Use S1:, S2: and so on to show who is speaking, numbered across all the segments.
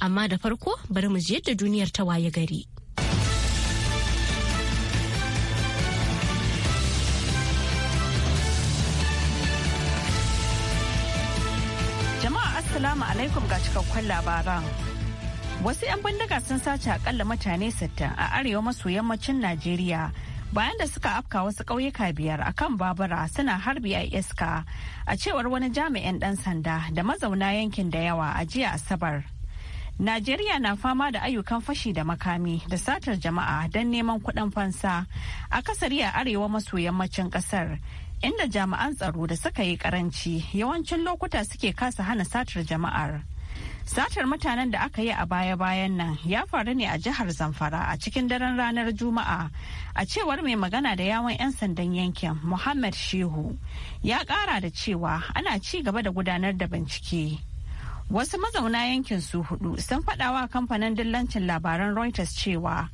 S1: Amma da farko bari mu je yadda duniyar ta waye gari.
S2: Jama'a Assalamu alaikum ga cikakkun labaran. Wasu 'yan bindiga sun sace akalla mutane 60 a arewa maso yammacin Najeriya bayan da suka afka wasu ƙauyuka biyar a kan babura suna harbi a iska a cewar wani jami'in ɗan sanda da mazauna yankin da yawa a jiya Asabar. Najeriya na fama da ayyukan fashi da makami da satar jama'a don neman kuɗin fansa a kasari a arewa maso yammacin ƙasar. Inda jami'an tsaro da suka yi karanci yawancin lokuta suke kasa hana satar jama'ar. Satar mutanen da aka yi a baya-bayan nan ya faru ne a jihar Zamfara a cikin daren ranar Juma'a a cewar mai magana da yawon 'yan sandan yankin Muhammad Shehu ya ƙara da cewa ana ci gaba da gudanar da bincike. Wasu mazauna yankin su hudu sun faɗawa kamfanin dillancin labaran Reuters cewa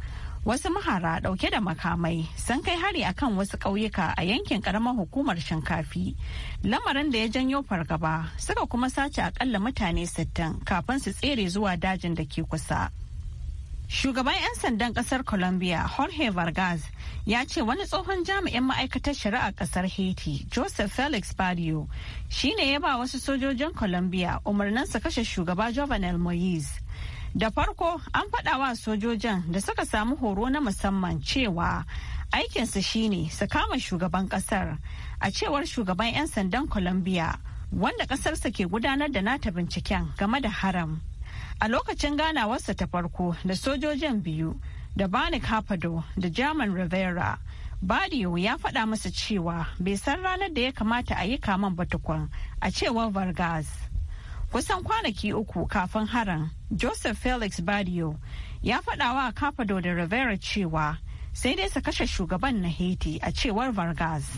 S2: wasu mahara ɗauke da makamai sun kai hari akan wasu ƙauyuka a yankin ƙaramar hukumar shinkafi lamarin da ya janyo fargaba suka kuma sace akalla mutane 60 kafin su tsere zuwa dajin da ke kusa. Shugaban 'yan sandan kasar Colombia Jorge Vargas ya ce wani tsohon jami'in ma'aikatar shari'a kasar Haiti Joseph Felix Barrio shi ne ya ba wasu sojojin Colombia umarnin su kashe shugaba Jovenel Moise. Da farko an faɗa wa sojojin da suka samu horo na musamman cewa aikinsu shine su kama shugaban kasar a cewar shugaban 'yan sandan Colombia wanda kasarsa ke gudanar da nata binciken game da haram. A lokacin ganawarsa ta farko da sojojin biyu da Bani Capado da German Rivera, Badio ya faɗa masa cewa bai san ranar da ya kamata a yi kaman batukwan a cewar Vargas. Kusan kwanaki uku kafin haran, Joseph Felix Badio ya wa Capado da Rivera cewa sai dai su kashe shugaban na Haiti a cewar Vargas.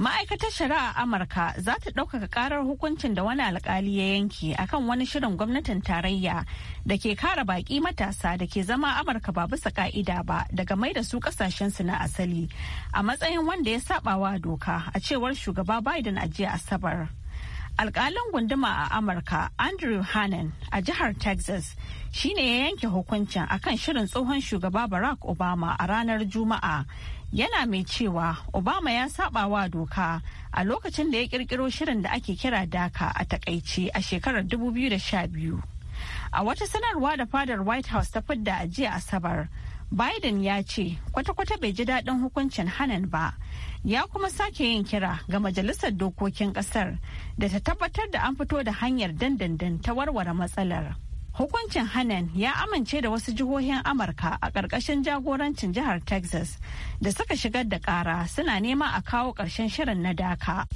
S2: Ma'aikatar shari'a Amurka za ta ɗaukaka ƙarar hukuncin da wani alƙali ya yanke akan wani shirin gwamnatin tarayya da ke kare baƙi matasa da ke zama Amurka ba bisa ƙa'ida ba daga mai da su ƙasashensu na asali a matsayin wanda ya sabawa doka a cewar shugaba Biden a jiya Asabar. alƙalin gunduma a amurka andrew hannan a jihar texas shine ya yanke hukuncin akan shirin tsohon shugaba barack obama a ranar juma'a yana mai cewa obama ya saba wa doka a lokacin da ya kirkiro shirin da ake kira daka a takaice a shekarar 2012 a wata sanarwa da fadar white house ta fidda a jiya asabar biden ya ce kwata-kwata bai ji daɗin hukuncin hanan ba ya kuma sake yin kira ga majalisar dokokin ƙasar da ta tabbatar da an fito da hanyar dandandan ta warware matsalar. Hukuncin Hanan ya amince da wasu jihohin Amurka a ƙarƙashin jagorancin jihar Texas da suka shigar da ƙara suna nema a kawo ƙarshen shirin na daka.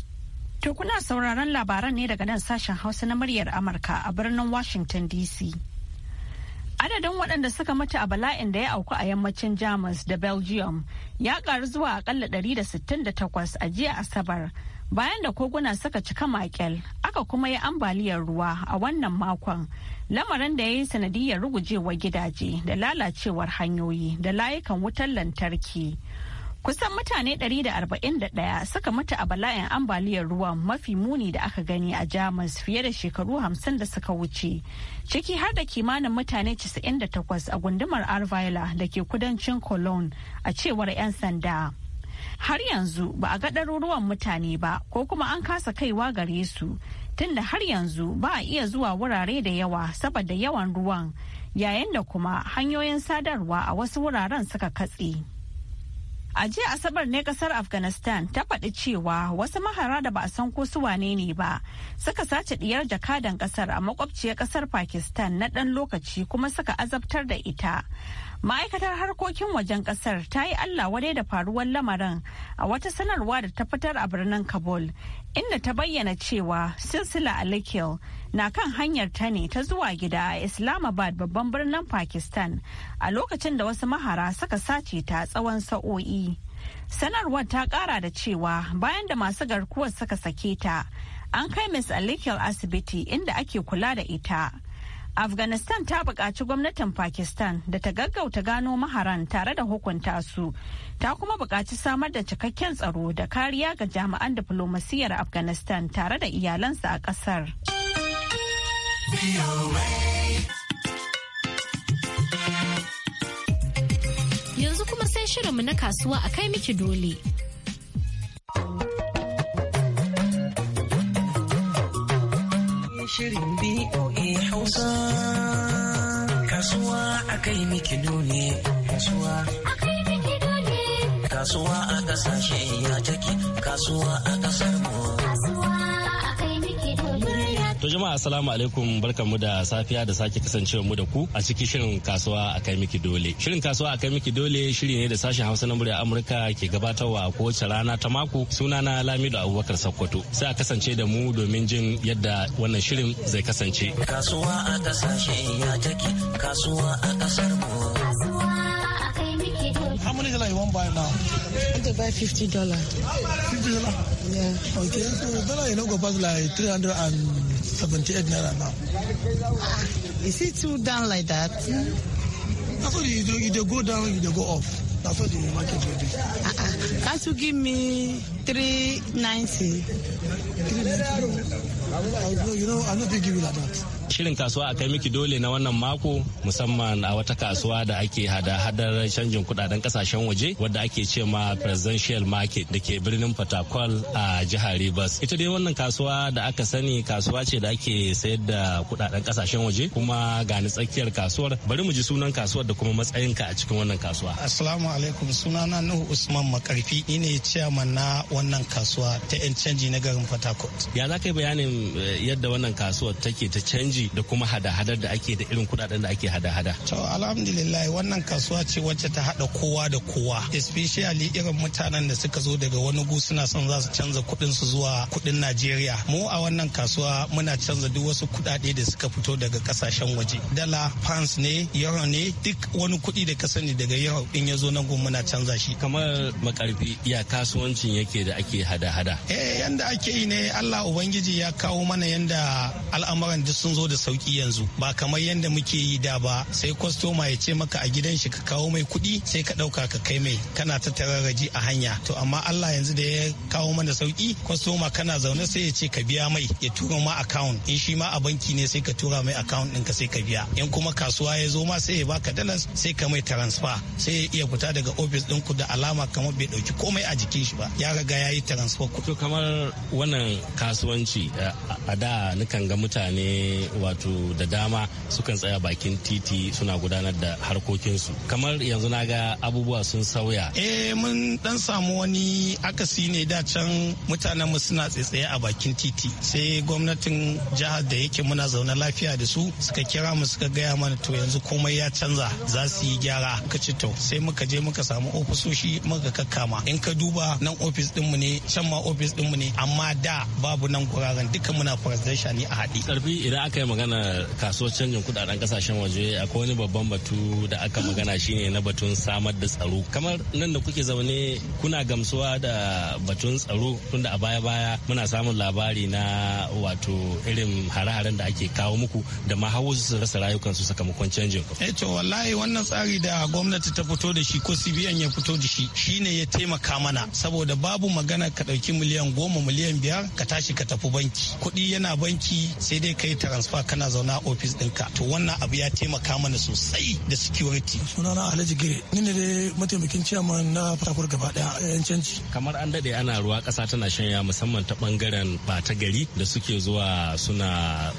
S2: To kuna sauraron labaran ne daga nan sashen Hausa na muryar Amurka a birnin Washington DC. Adadin waɗanda suka mutu a bala'in da ya auku a yammacin Jamus da Belgium ya ƙaru zuwa da 168 a jiya Asabar bayan da koguna suka cika makel aka kuma yi ambaliyar ruwa a wannan makon lamarin da ya yi sanadiyar rugujewar gidaje da lalacewar hanyoyi da layukan wutar lantarki kusan mutane 141 suka mutu a bala'in ambaliyar ruwa mafi muni da aka gani a jamus fiye da shekaru 50 da suka wuce ciki har da kimanin mutane 98 a gundumar arvila da ke kudancin cologne a cewar 'yan sanda har yanzu ba a ga ɗaruruwan mutane ba ko kuma an kasa kaiwa gare su tunda har yanzu ba a iya zuwa wurare da yawa saboda yawan ruwan yayin da kuma hanyoyin sadarwa a wasu wuraren suka katse. A jiya Asabar ne kasar Afghanistan ta faɗi cewa wasu mahara da ba a san ko su wane ne ba suka sace ɗiyar jakadan kasar a makwabciyar kasar Pakistan na ɗan lokaci kuma suka azabtar da ita. ma'aikatar harkokin wajen kasar ta yi allah wadai da faruwar lamarin a wata sanarwa da ta fitar a birnin kabul inda ta bayyana cewa silsila alikil na kan hanyar ta ne ta zuwa gida a islamabad babban birnin pakistan a lokacin da wasu mahara suka sace ta tsawon sa'o'i sanarwar ta kara da cewa bayan da masu garkuwar suka sake ta an kai miss alikil asibiti inda ake kula da ita afghanistan ta buƙaci gwamnatin pakistan da ta gaggauta gano maharan tare da hukunta su ta kuma buƙaci samar da cikakken tsaro da kariya ga jami'an diflomasiyyar afghanistan tare da iyalansa a ƙasar
S1: yanzu kuma sai shirinmu na kasuwa a kai miki dole
S3: Shirin BOA Hausa.
S4: Kasuwa a kai miki dole. Kasuwa a
S2: kai miki dole.
S4: Kasuwa a kasashe ya take. Kasuwa a kasar mu.
S5: To jama'a assalamu alaikum barkamu da safiya da sake kasancewa mu da ku a cikin shirin kasuwa a kai miki dole. Shirin kasuwa a kai miki dole shiri ne da sashen Hausa na murya Amurka ke gabatarwa a kowace rana ta mako sunana Lamido Abubakar Sokoto. Sai a kasance da mu domin jin yadda wannan shirin zai kasance. Kasuwa a kasashe
S1: ya take kasuwa a kasar mu.
S2: How
S6: many dollar you want buy now? I want to buy fifty dollar. Fifty dollar. Yeah. Okay. So dollar you know go pass like three hundred and 78 naira now.
S4: Is it too down like that? That's
S6: what you do. You go down, you go off. That's what the market will
S7: uh-uh. Can't you give me 390?
S4: 390? No, you know, I'm not going to give you like that.
S5: Shirin kasuwa a kai miki dole na wannan mako musamman a wata kasuwa da ake hada hadar canjin kudaden kasashen waje wadda ake ce ma presidential market da ke birnin Fatakwal a jihar Rivers. Ita dai wannan kasuwa da aka sani kasuwa ce da ake sayar da kudaden kasashen waje kuma gani tsakiyar kasuwar bari mu ji sunan kasuwar da kuma matsayinka a cikin wannan kasuwa.
S6: Assalamu alaikum sunana Nuhu Usman Makarfi ni ne ciyaman na wannan kasuwa ta 'yan canji na garin Fatakwal.
S5: Ya za ka yi bayanin eh, yadda wannan kasuwar take ta canji da kuma hada-hadar da
S6: ake da irin kudaden da ake hada-hada to alhamdulillah wannan kasuwa ce wacce ta hada kowa da kowa especially irin mutanen da suka zo daga wani gu suna son za su canza kuɗin su zuwa kuɗin Najeriya mu a wannan kasuwa muna canza duk wasu kudade da suka fito daga kasashen waje dala pounds ne euro ne duk wani kuɗi da ka sani daga euro din ya zo nan gun muna canza shi kamar makarfi ya kasuwancin yake da ake hada-hada eh yanda ake yi ne Allah ubangiji ya kawo mana yanda al'amuran duk sun zo da da sauki yanzu ba kamar yadda muke yi da ba sai kwastoma ya ce maka a gidan shi ka kawo mai kuɗi sai ka ɗauka ka kai mai kana ta tararraji a hanya to amma Allah yanzu da ya kawo mana sauki kwastoma kana zaune sai ya ce ka biya mai ya tura ma account in shi ma a banki ne sai ka tura mai account ɗinka sai ka biya in kuma kasuwa ya zo ma sai ya baka dalas sai ka mai transfer sai ya iya fita daga office ɗinku da alama kamar bai ɗauki komai a jikin shi ba ya riga ya yi transfer. kuɗi. kamar
S5: wannan kasuwanci eh, a da nukan ga mutane wato da dama sukan tsaya bakin titi suna gudanar da harkokinsu kamar yanzu na ga abubuwa sun sauya
S6: eh mun dan samu wani akasi ne da can mutanen mu suna tsaye a bakin titi sai gwamnatin jihar da yake muna zaune lafiya da su suka kira mu suka gaya mana to yanzu komai ya canza za su yi gyara ka ci to sai muka je muka samu ofisoshi muka kakkama in ka duba nan ofis ɗinmu ne can ma ofis ɗinmu ne amma da babu nan guraren duka muna farzasha ne a haɗi
S5: karfi idan aka yi magana kasuwar canjin kudaden kasashen waje akwai wani babban batu da aka magana shine na batun samar da tsaro kamar nan da kuke zaune kuna gamsuwa da batun tsaro tunda a baya baya muna samun labari na wato irin hare-haren da ake kawo muku da ma hawo su rasa rayukansu sakamakon canjin eh to wallahi wannan
S6: tsari da gwamnati ta fito da shi ko CBN ya fito da shi shine ya taimaka mana saboda babu magana ka dauki miliyan goma miliyan biyar ka tashi ka tafi banki kuɗi yana banki sai dai kai transfer kana zauna a ofis ɗinka to wannan abu ya taimaka mana sosai da security sunana alhaji gire ni ne dai mataimakin ciyaman na fatakur gaba daya yancanci kamar an
S5: daɗe ana ruwa ƙasa tana shanya musamman ta ɓangaren ɓata gari da suke zuwa suna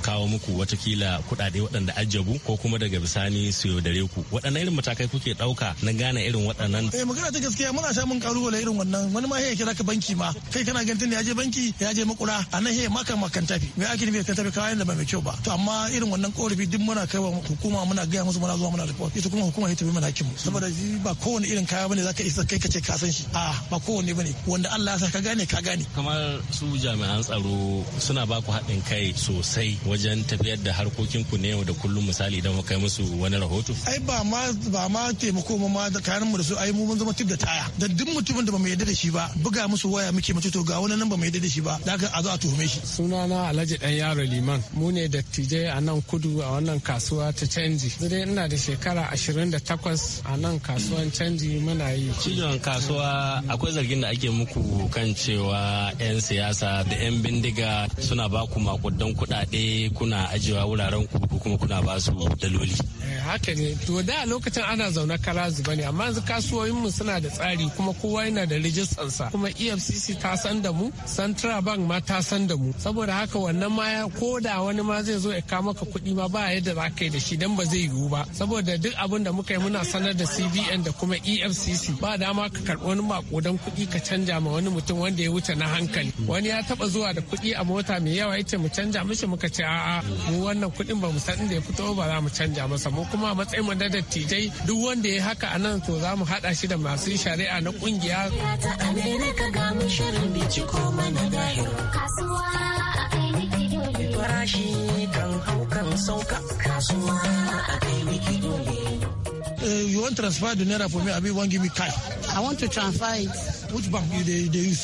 S5: kawo muku watakila kuɗaɗe waɗanda ajabu ko kuma daga bisani su yaudare ku waɗannan irin matakai kuke ɗauka na gane irin waɗannan eh
S6: magana ta gaskiya muna samun ƙalubale irin wannan wani ma ya kira ka banki ma kai kana gantin ya je banki ya je makura a nan ya maka makan tafi me ake nufi ka tafi kawai da ba mai kyau ba to amma irin wannan korafi duk muna kai wa hukuma muna gaya musu muna zuwa muna report ita kuma hukuma ita mana hakimu saboda ba kowane irin kaya bane zaka isa kai kace ka san shi a ba kowane bane wanda Allah ya sa ka gane ka gane
S5: kamar su jami'an tsaro suna ba ku haɗin kai sosai wajen tafiyar da harkokin ku ne yau da kullum
S6: misali idan kai musu wani rahoto ai ba ma ba ma taimako ma da kayan mu da su ai mu mun zama tip da taya da duk mutumin da ba mu yarda da shi ba buga musu waya muke mace to ga wani nan ba mu yarda da shi ba zaka a
S8: zo a tuhume shi sunana Alhaji dan yaro liman mu ne da dattijai a nan kudu a wannan kasuwa ta canji dai ina da shekara 28 a nan kasuwan canji muna yi
S5: cijon kasuwa akwai zargin da ake muku kan cewa 'yan siyasa da 'yan bindiga suna ba ku makudan kuɗaɗe kuna ajiyewa wuraren ku kuma kuna ba su
S9: daloli
S8: eh, haka ne to da lokacin ana zaune kara zuba ne amma yanzu kasuwoyin mu suna da tsari kuma kowa yana da rijistansa kuma efcc ta san da mu central bank ma ta san da mu saboda haka wannan ma ko da wani ma zai zo ya kawo maka kuɗi ma ba yadda za ka yi da shi dan ba zai yiwu ba saboda duk abin da muka yi muna sanar da CBN da kuma EFCC ba dama ka karɓi wani makudan kuɗi ka canja ma wani mutum wanda ya wuce na hankali wani ya taɓa zuwa da kuɗi a mota mai yawa yace mu canja mishi muka ce a'a mu wannan kuɗin ba mu san inda ya fito ba za mu canja masa mu kuma a matsayin mu na dattijai duk wanda ya haka a nan to za mu haɗa shi da masu shari'a na ƙungiya. Kasuwa a ainihin farashi kan hau kan sauka kasuwa
S4: a
S6: kai miki dole. Eh, you want transfer the naira for me? I mean, one give me cash.
S4: I want to transfer it. Which bank you they, they use?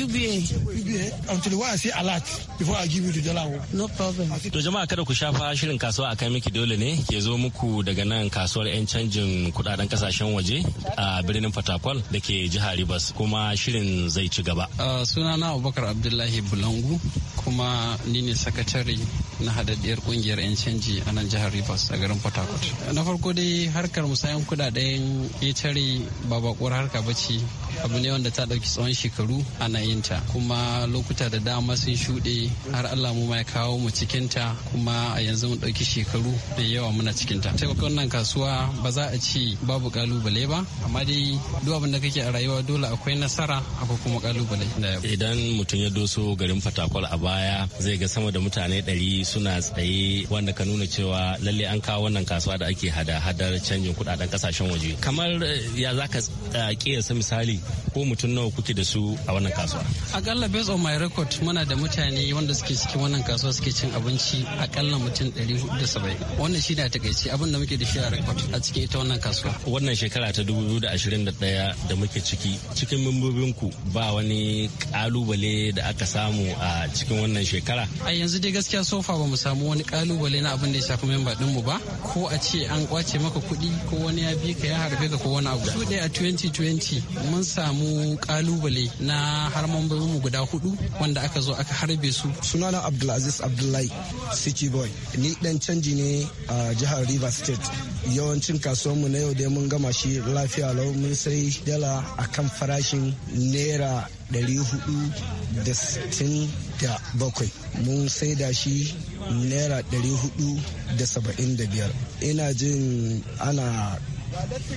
S4: UBA. UBA. Until why I say alert before I give you the dollar. Oh. No problem. To
S5: jama'a kada ku shafa shirin kasuwa akan miki dole ne ke zo muku daga nan kasuwar 'yan canjin kudaden kasashen waje a birnin Fatakwal
S9: da ke jihar Rivers kuma shirin zai ci gaba. Ah, sunana Abubakar Abdullahi Bulangu kuma ni ne sakatare na hadaddiyar kungiyar 'yan canji a nan jihar Rivers a garin Port Harcourt. Na farko dai harkar musayan kudaden tare ba bakuwar harka ba ce abu ne wanda ta ɗauki tsawon shekaru ana yin kuma lokuta da dama sun shuɗe har Allah mu ya kawo mu cikin ta kuma a yanzu mun ɗauki shekaru da yawa muna cikin ta. Ta wannan kasuwa ba za a ce babu kalubale ba amma dai duk abin da kake a rayuwa dole akwai nasara akwai kuma kalubale.
S5: Idan mutum ya doso garin Fatakwal a baya zai ga sama da mutane ɗari suna tsaye wanda ka nuna cewa lalle an kawo wannan kasuwa da ake hada-hadar canjin kudaden kasashen waje kamar eh, ya za ka eh, kiyasa misali ko mutum nawa kuke da su a wannan kasuwa
S9: akalla based on my record muna da mutane wanda suke cikin wannan kasuwa suke cin abinci akalla mutum 470 wannan shi ne a takaice abin da muke da shi a record a cikin ita wannan kasuwa
S5: wannan shekara ta 2021
S9: da muke ciki
S5: cikin membobinku
S9: ba wani kalubale da aka samu a cikin wannan shekara a yanzu dai gaskiya so kafa ba mu samu wani kalubale na abin da ya shafi memba dinmu ba ko a ce an kwace maka kuɗi ko wani ya bi ka ya harbe ka ko wani abu su a 2020 mun samu kalubale na har mu guda hudu wanda aka zo aka harbe su sunana abdulaziz abdullahi city boy ni dan canji ne a
S4: jihar river state yawancin mu na yau dai mun gama shi lafiya lau mun sai dala akan farashin naira 467 mun saida shi naira 475 ina jin ana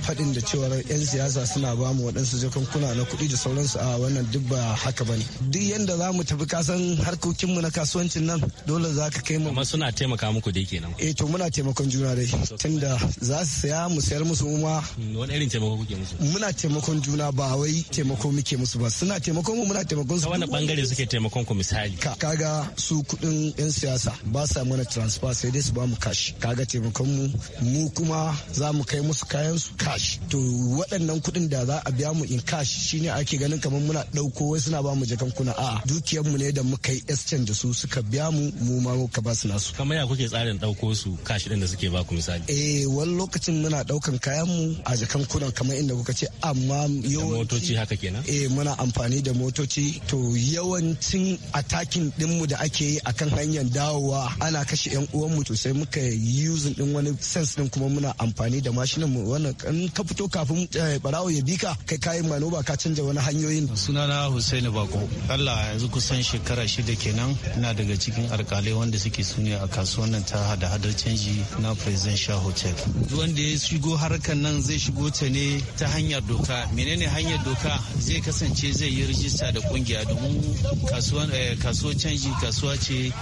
S4: haɗin da cewar 'yan siyasa suna ba mu waɗansu jakunkuna na kuɗi da sauransu a wannan duk ba haka ba ne duk yadda za mu tafi kasan harkokinmu na kasuwancin nan dole za ka kai mu amma
S5: suna taimaka
S4: muku dai kenan eh to muna taimakon juna dai tunda za su saya mu sayar musu ma hmm, wani irin taimako kuke musu muna taimakon juna ba wai taimako muke musu ba suna taimakon mu muna taimakon su wani
S5: bangare suke taimakon ku misali
S4: kaga su kuɗin 'yan siyasa ba sa mana transfer sai dai su ba mu kashi kaga taimakon mu mu kuma za mu kai musu kayan bayan su cash to waɗannan kuɗin da za a biya mu in cash shine ake ganin kamar muna ɗauko wai suna ba mu jakankuna a dukiyar mu ne da muka yi exchange da su suka biya mu mu ma muka ba su nasu
S5: kamar ya kuke tsarin ɗauko su cash ɗin da suke ba
S4: ku misali eh wani lokacin muna ɗaukan kayan mu a jakankunan kamar inda kuka ce amma yawanci motoci haka kenan eh muna amfani da motoci to yawancin atakin mu da ake yi akan hanyar dawowa ana kashe yan mu to sai muka using ɗin wani sense ɗin kuma muna amfani da mashinan mu wannan in ka fito kafin barawo eh, ya bika kai kayan ba ka canja wani hanyoyin
S7: sunana husaini Bako Allah yanzu kusan shekara shida kenan ina daga cikin alkalai wanda suke sune a kasuwan nan ta hada hadar canji na Presidential Hotel wanda ya shigo harkar nan zai shigo ta ne ta hanyar doka menene hanyar doka zai kasance zai yi rijista da kungiya domin kasuwan eh, kasuwar canji kasuwa ce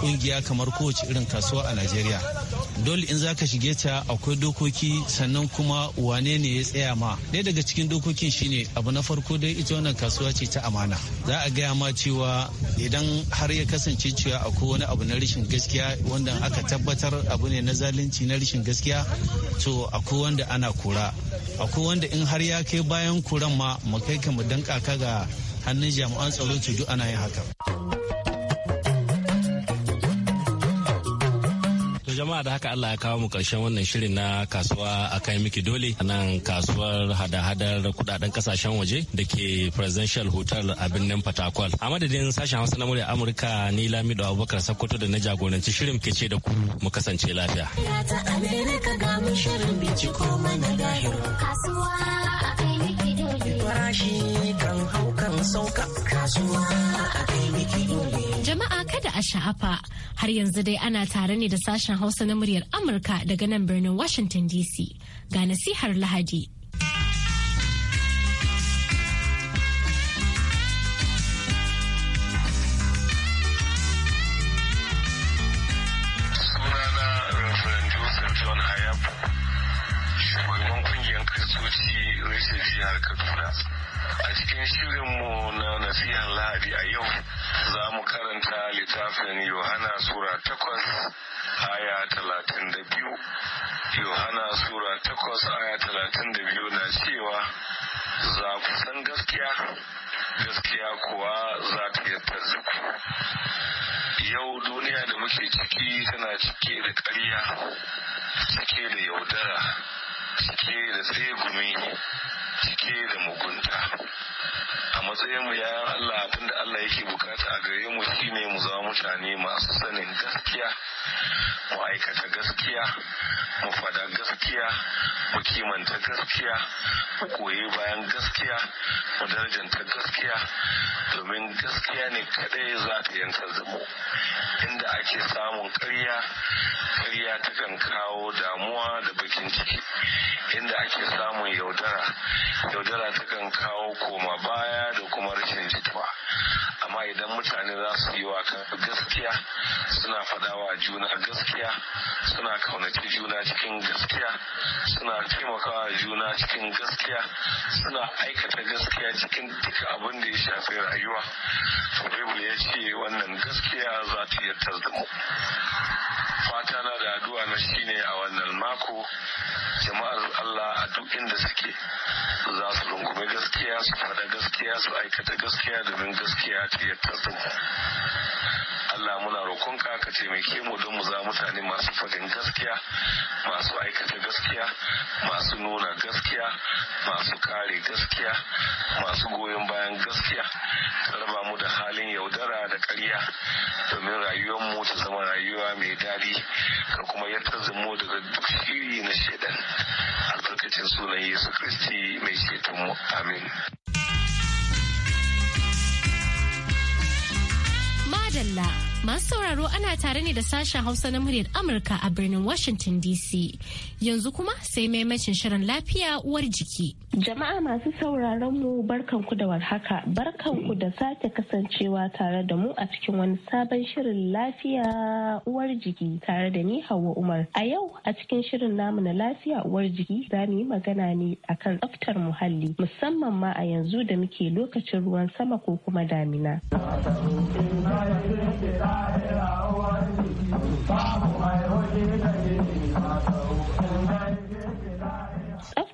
S7: kungiya kamar kowace irin kasuwa a Najeriya dole in za ka shige ta akwai dokoki sannan kuma wane ne ya tsaya ma ɗaya daga cikin dokokin shine abu na farko dai ita wannan kasuwa ce ta amana za a gaya ma cewa idan har ya kasance cewa akwai wani abu na rashin gaskiya wanda aka tabbatar abu ne na zalunci na rashin gaskiya to akwai wanda ana kura akwai wanda in har ya kai bayan kuran ma mu kai ka mu danka ka ga hannun jami'an tsaro to duk ana yin haka. jama'a da haka Allah ya kawo mu
S5: karshen wannan shirin na kasuwa a kai miki dole a nan kasuwar hada-hadar kudaden kasashen waje da ke presidential hotel a birnin Fatakwal. A madadin sashen Hausa na murya Amurka ni Lamido Abubakar sakkwato da na jagoranci shirin ke ce da ku mu kasance lafiya.
S1: Kasuwa farashi kan hau kan sauka kasuwa a Jama'a kada a sha'afa har yanzu dai ana tare ne da sashen Hausa na muryar Amurka daga nan birnin Washington DC ga nasihar Lahadi.
S10: cikin shirinmu na nasihar lahadi a yau za mu karanta littafin yohana sura takwas aya talatin da biyu yohana sura takwas aya talatin da biyu na cewa za ku san gaskiya gaskiya kuwa za ta yadda zuku yau duniya da muke ciki tana cike da ƙarya cike da yaudara cike da tsegumi cike da mugunta a matsayin mu ya Allah abinda Allah yake bukata a gare mu shine mu zama mutane masu sanin gaskiya mu aikata gaskiya mu fada gaskiya mu kimanta gaskiya mu koyi bayan gaskiya mu darajanta gaskiya domin gaskiya ne kadai za ta yanta zubo inda ake samun karya karya takan kawo damuwa da bakin ciki inda ake samun yaudara yaudara takan kawo koma baya da kuma rashin jituwa amma idan mutane za su yi wa gaskiya suna fadawa juna gaskiya suna kaunaci juna cikin gaskiya suna taimakawa juna cikin gaskiya suna aikata gaskiya cikin duka abin da ya shafi rayuwa to bible ya ce wannan gaskiya za ta da mu fata na da addu'a na shine a wannan mako jama'ar Allah a duk inda suke za su rungume gaskiya su faɗa gaskiya su aikata gaskiya domin gaskiya ta da mu. Allah muna roƙonka ka taimake mu don mu za mutane masu faɗin gaskiya masu aikata gaskiya masu nuna gaskiya masu kare gaskiya masu goyon bayan gaskiya ka raba mu da halin yaudara da ƙarya domin rayuwar mu ta zama rayuwa mai daɗi ka kuma yadda mu daga duk shiri na shaidan albarkacin sunan yesu kristi mai shaitanmu mu amin
S1: Madalla masu sauraro ana tare ne da sashen Hausa na muryar Amurka a birnin Washington DC. Yanzu kuma sai maimacin shirin lafiya uwar jiki. Jama'a masu sauraron
S3: mu barkanku da warhaka, barkanku da sake kasancewa tare da mu a cikin wani sabon shirin lafiya uwar jiki tare da ni Hauwa Umar. A yau a cikin shirin namu na lafiya uwar jiki za mu yi magana ne akan tsaftar muhalli musamman ma a yanzu da muke lokacin ruwan sama ko kuma damina. Thank you.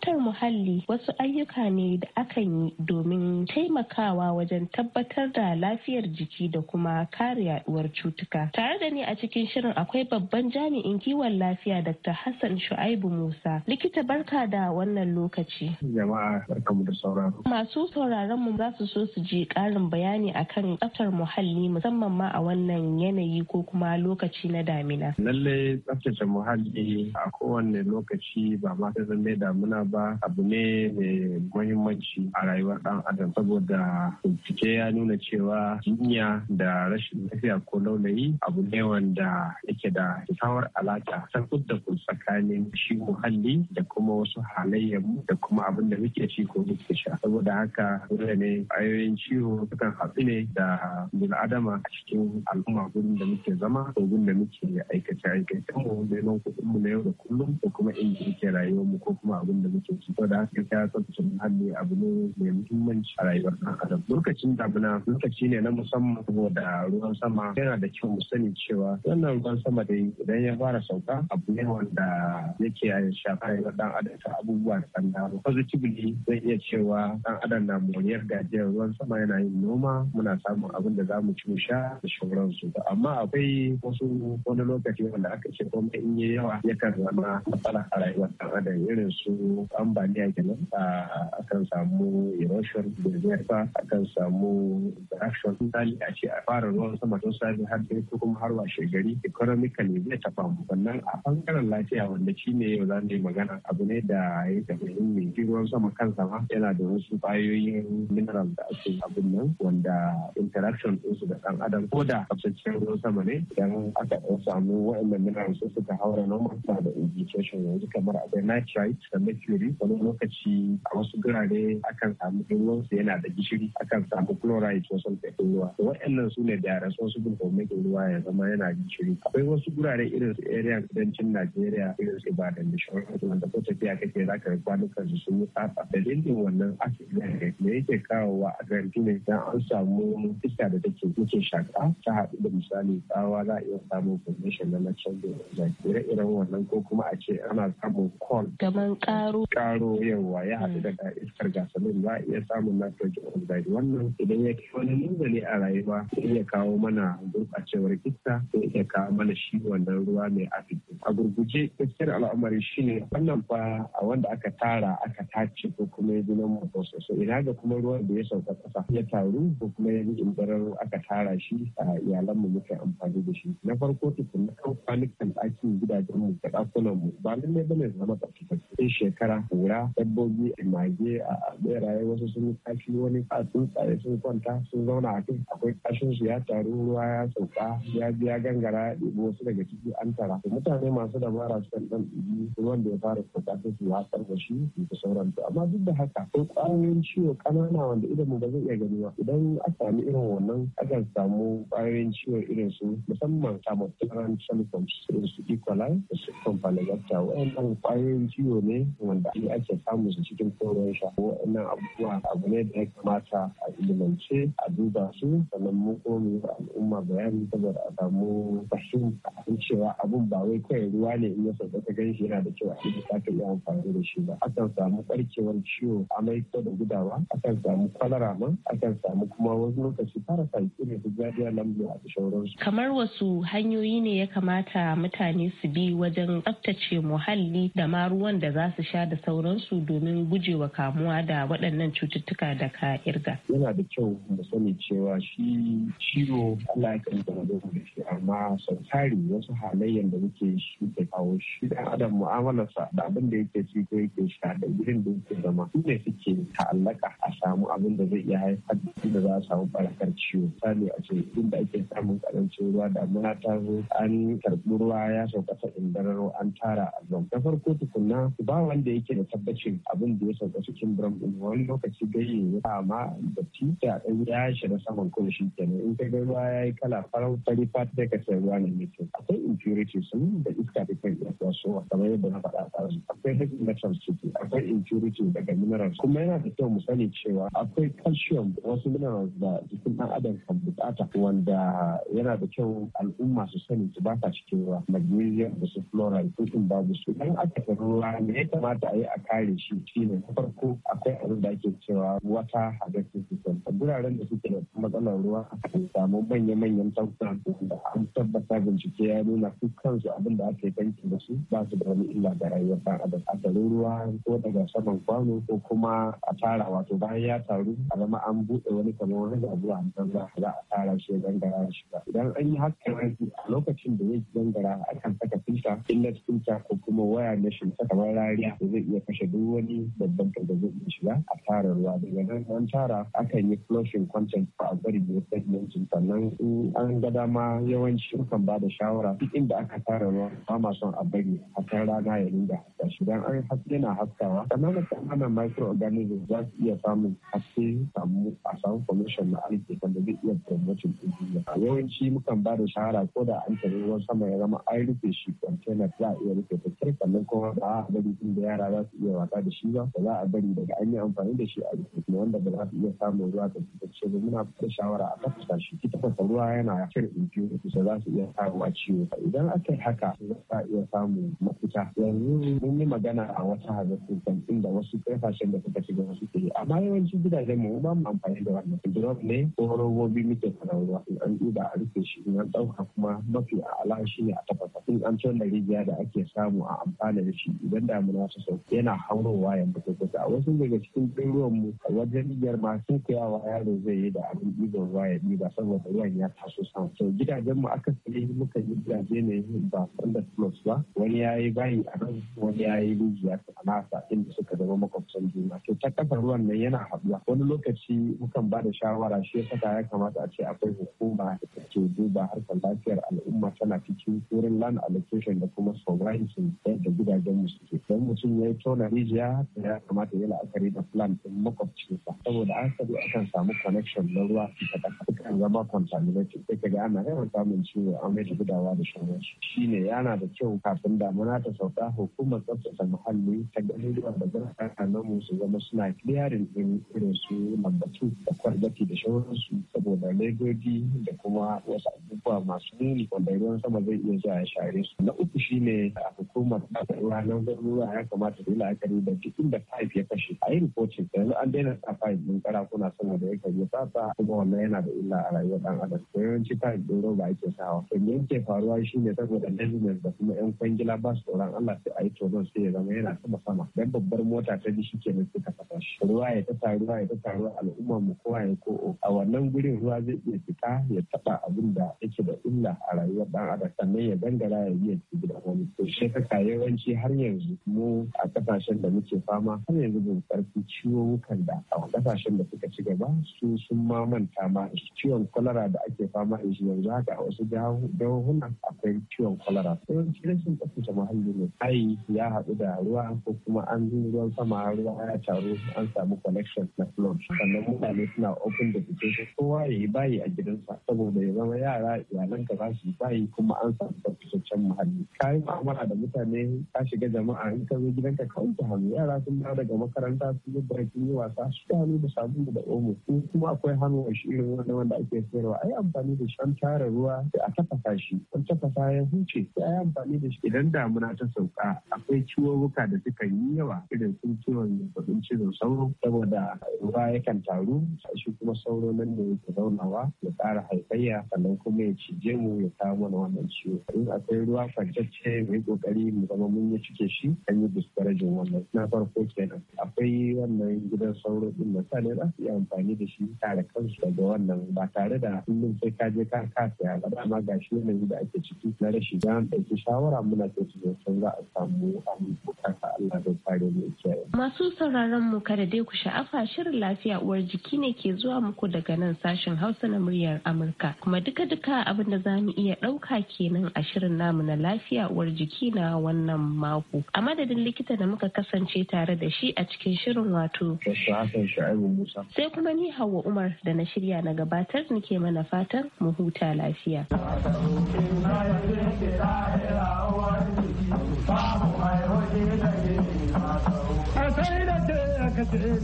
S3: tsaftar muhalli wasu ayyuka ne da akan yi domin taimakawa wajen tabbatar da lafiyar jiki da kuma kare yaduwar cutuka. Tare da ni a cikin shirin akwai babban jami'in kiwon lafiya Dr. Hassan Shu'aibu Musa. Likita barka da wannan lokaci. Jama'a da sauraro. Masu sauraron mu za su so su je ƙarin bayani akan tsaftar muhalli musamman ma a wannan yanayi ko kuma lokaci na damina.
S11: Lallai tsaftace muhalli a kowane lokaci ba ma ta zama damina ba ba abu ne mai muhimmanci a rayuwar ɗan adam saboda bincike ya nuna cewa jinya da rashin lafiya ko laulayi abu ne wanda yake da kyakkyawar alaƙa ta da ku tsakanin shi muhalli da kuma wasu mu da kuma abin da muke ci ko muke sha saboda haka dole ne ayoyin ciwo sukan haɗu ne da bil'adama a cikin al'umma gurin da muke zama ko gurin da muke aikace aikace mu neman kuɗin mu na yau da kullum ko kuma inda muke rayuwar mu ko kuma abin da muke aikin su da haka gaskiya tsaftace muhalli abu ne mai muhimmanci a rayuwar ɗan adam lokacin damuna lokaci ne na musamman saboda ruwan sama yana da kyau mu sani cewa wannan ruwan sama da idan ya fara sauka abu ne wanda yake shafa rayuwar ɗan adam ta abubuwa da sanda positively zai iya cewa ɗan adam na moriyar gajiyar ruwan sama yana yin noma muna samun abin da za mu ci mu sha da shauransu amma akwai wasu wani lokaci wanda aka ce komai in yi yawa yakan zama matsala a rayuwar ɗan adam irin su ambaliya a akan samu erosion da akan samu interaction misali a ce a fara ruwan sama tun sami har sai ko kuma har washe gari economically zai taba mu sannan a bangaren lafiya wanda shi ne yau za mu magana abu ne da ya ta muhimmi shi ruwan sama kansa ma yana da wasu kwayoyin mineral da ake abin nan wanda interaction ɗinsu da ɗan adam ko da tsaftacen ruwan sama ne idan aka samu wa'annan mineral su suka haura normal da implication yanzu kamar abin nitrite da mercury hatsari wani lokaci a wasu gurare akan samu ruwan su yana da gishiri akan samu chloride wasu ɗin ruwa to waɗannan su ne da su for making ruwa ya zama yana gishiri akwai wasu gurare irin su area kudancin Najeriya irin su Ibadan da shawararsu wanda ko tafiya kake za ka kwanukan su sun yi tsafa wannan accident da yake kawowa a garanti ne idan an samu iska da take muke shaka ta haɗu da misali tsawa za a iya samun formation na na canjin zaki ire-iren wannan ko kuma a ce ana samun call. Gaman karo. karo yawa ya haɗu da iskar gasolin ba iya samun nitrogen oxide wannan idan ya kai wani nuzali a rayuwa zai iya kawo mana gurɓacewar kista Ko iya kawo mana shi wannan ruwa mai acid a gurguje gaskiyar al'amari shine wannan fa a wanda aka tara aka tace ko kuma ya gina mako sosai ina ga kuma ruwan da ya sauka ƙasa ya taru ko kuma ya yi aka tara shi a iyalan mu muke amfani da shi na farko tukun na kan kwanukan ɗakin gidajen mu da ɗakunan mu ba lallai ne zama tsaftatacce shekara kura kura dabbobi mage a beraye wasu sun kashi wani a tsuntsaye sun kwanta sun zauna a kai akwai kashin su ya taru ruwa ya sauka ya biya gangara ya ɗebo wasu daga ciki an tara mutane masu dabara sukan ɗan ɗigi ruwan da ya fara sauka sai su watsar da shi sauran su amma duk da haka akwai ƙwayoyin ciwo ƙanana wanda idan mu ba zai iya gani ba idan aka sami irin wannan akan samu ƙwayoyin ciwo irin su musamman tamotiran cell irin su E. da su kamfanazarta waɗannan ƙwayoyin ciwo ne wanda ne ake samun su cikin koyon sha wa'annan abubuwa abu ne da ya kamata a ilimance a duba su sannan mu kuma mu al'umma bayani saboda a samu fahimta in cewa abun ba wai kai ruwa ne in ya sauka ta gan yana da kyau a yi bukatar yi amfani da shi ba akan samu barkewar ciwo amai ko da gudawa akan samu kwalara ma akan samu kuma wasu lokaci sauki ne su gadiya lambu a sauransu.
S3: kamar wasu hanyoyi ne ya kamata mutane su bi wajen tsaftace muhalli da ma ruwan da za su sha da da sauransu domin gujewa kamuwa da waɗannan cututtuka da ka irga.
S11: Yana da kyau mu sani cewa shi ciwo Allah ya kan zama da shi amma sau tari wasu halayen da muke shi da kawo shi da adam mu'amalarsa da abin da yake ci ko yake sha da gurin da yake zama su ne suke ta'allaka a samu abin da zai iya haifar da za a samu barakar ciwo. Misali a ce inda ake samun karancin ruwa damuna ta zo an karɓi ruwa ya sauka ta indarar an tara a Na farko tukunna ba wanda yake ake da tabbacin abin da ya sauka cikin drum wani lokaci ne ya ma datti da dan ya shiga saman kuma shi kenan in ka ga ruwa ya yi kala farar fari fata da ka sai ruwa ne mai akwai impurity sun da iska da kan iya tasowa kamar yadda na faɗa a akwai heavy can ciki akwai impurity daga minerals kuma yana da kyau mu sani cewa akwai calcium wasu minerals da jikin ɗan adam kan bukata wanda yana da kyau al'umma su sani su ba cikin ruwa magnesium da su fluoride tutun babu su dan aka ruwa ne ya kamata yi a kare shi shi ne na farko akwai abin da ake cewa wata harvesting system a guraren da suke da matsalar ruwa a samu manya-manyan tankuna da an tabbata bincike ya nuna su kansu abin da aka yi tankin da su ba su da wani illa ga rayuwar ɗan adam a garin ruwa ko daga saman kwano ko kuma a tara wato bayan ya taru a zama an buɗe wani kamar wani abu a nan za a tara shi ya gangara shi ba idan an yi haka a lokacin da zai gangara akan saka filta inlet filta ko kuma waya na shi kamar rariya da zai iya kashe duk wani babban zai da shiga a tara ruwa daga nan an tara akan yi flushing content ba a bari da sedmentin sannan in an ga dama yawanci kan ba da shawara duk inda aka tara ruwa ba ma son a bari a kan rana ya dinga da shi dan an haske yana haskawa sannan kananan microorganism za su iya samun haske samu a samu pollution na kan da zai iya promoting A yawanci mukan ba da shawara ko da an tare ruwan sama ya zama an rufe shi container za a iya rufe ta sannan kuma ba a bari inda yara za su iya wasa da shi ba ba za a bari daga an yi amfani da shi a rikici wanda ba za su iya samun ruwa da tsaftace ba muna da shawara a tafasa shi ki tafasa ruwa yana cire impurities da za su iya samu a ciwo idan aka yi haka za a iya samu mafita yanzu mun yi magana a wata hazardous kan da wasu kafashen da suka shiga wasu ke amma yawancin gidajen mu ba mu amfani da wannan drop ne ko robobi muke fara ruwa in an duba a rufe shi in an ɗauka kuma mafi a'ala shi ne a tafasa in an da rijiya da ake samu a amfana da shi idan damuna ta sauka yana haurowa ya mutu a wasu daga cikin ɗin mu wajen igiyar masu sun kayawa yaro zai yi da abin ɗigon ruwa ya ɗiba saboda ruwan ya taso sama to gidajen mu aka sani muka yi gidaje ne ba wanda plus ba wani ya yi bayi a nan wani ya yi rijiya a nasa inda suka zama makwabtan juna to ta kafa ruwan nan yana haɗuwa wani lokaci mukan ba da shawara shi saka ya kamata a ce akwai hukuma da ke duba harkar lafiyar al'umma tana cikin wurin land allocation da kuma sovereignty yadda gidajen mu suke don mutum ya ya tona rijiya da ya kamata ya la'akari da plan din makwabcinsa saboda an sabu akan samu connection na ruwa ta kan zama contaminated sai ga ana yawan samun ciwo a mai gudawa da sauransu shine yana da kyau kafin damuna ta sauka hukumar tsaftace muhalli ta gani ruwa da na mu su zama suna clearing din irin su lambatu da kwargati da su. saboda legodi da kuma wasu abubuwa masu nuni wanda ruwan sama zai iya zuwa ya share su na uku shine a hukumar ruwa na ruwa ya kamata su yi la'akari da duk inda pipe ya kashe a yi rikoci yanzu an daina sa pipe ɗin sarakuna da ya karye sasa kuma wannan yana da illa a rayuwar dan adam ko yawanci pipe din roba ake sawa to me yake faruwa shine saboda business da kuma yan kwangila ba su tsoron Allah sai a yi tonon sai ya zama yana sama sama dan babbar mota ta ji shi kenan sai ka fasa shi ruwa ya ta taruwa ya ta taruwa al'umma mu kowa ya ko a wannan gurin ruwa zai iya fita ya taba abin da yake da illa a rayuwar ɗan adam sannan ya gangara ya ya ci gida wani to shi yawanci har yanzu mu a a kasashen da muke fama har yanzu bin karfi ciwon da a kasashen da suka ci gaba su sun ma manta ma ciwon kwalara da ake fama da shi yanzu haka a wasu jahohunan akwai ciwon kwalara yawanci rashin tsaftace muhalli ne Ayi ya haɗu da ruwa ko kuma an ruwan sama ruwa ya taru an samu connection na flood sannan mutane suna open da kowa ya yi bayi a gidansa saboda ya zama yara ka za su yi bayi kuma an samu tsaftataccen muhalli kayan mu'amala da mutane ka shiga jama'a in ka zo gidan ta kauce hannu yara sun ba daga makaranta su yi bakin yi wasa su ta hannu da sabulu da omo in kuma akwai hannu a shi irin wanda wanda ake sayarwa ai amfani da shi an tara ruwa sai a tafasa shi an tafasa ya huce sai ai amfani da shi idan damuna ta sauka akwai ciwuwuka da suka yi yawa irin sun ciwon zazzabin cizon sauro saboda ruwa yakan taru shi kuma sauro nan da yake zaunawa ya ƙara haifayya sannan kuma ya cije mu ya kawo mana wannan ciwo in akwai ruwa kwantacce mai kokari mu zama mun yi cike shi an yi farajin wannan na farko kenan akwai wannan gidan sauro din da sani za su yi amfani da shi tare kansu daga wannan ba tare da kullum sai ka je ka kasa ya ba amma ga shi yanayi da ake ciki na rashi za an ɗauki shawara muna ce su sun za a samu an ka Allah zai kare mu kiyaye.
S3: Masu sauraron mu kada dai ku sha'afa shirin lafiya uwar jiki ne ke zuwa muku daga nan sashen Hausa na muryar Amurka kuma duka-duka abin da za mu iya ɗauka kenan a shirin namu na lafiya uwar jiki na wannan mako. A madadin likita da muka kasance tare da shi a cikin shirin wato. Sai kuma ni Hauwa Umar da na shirya na gabatar nike mana fatan mu huta lafiya.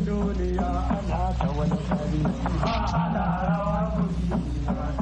S4: duniya ana ta
S1: wani
S8: ba ana rawa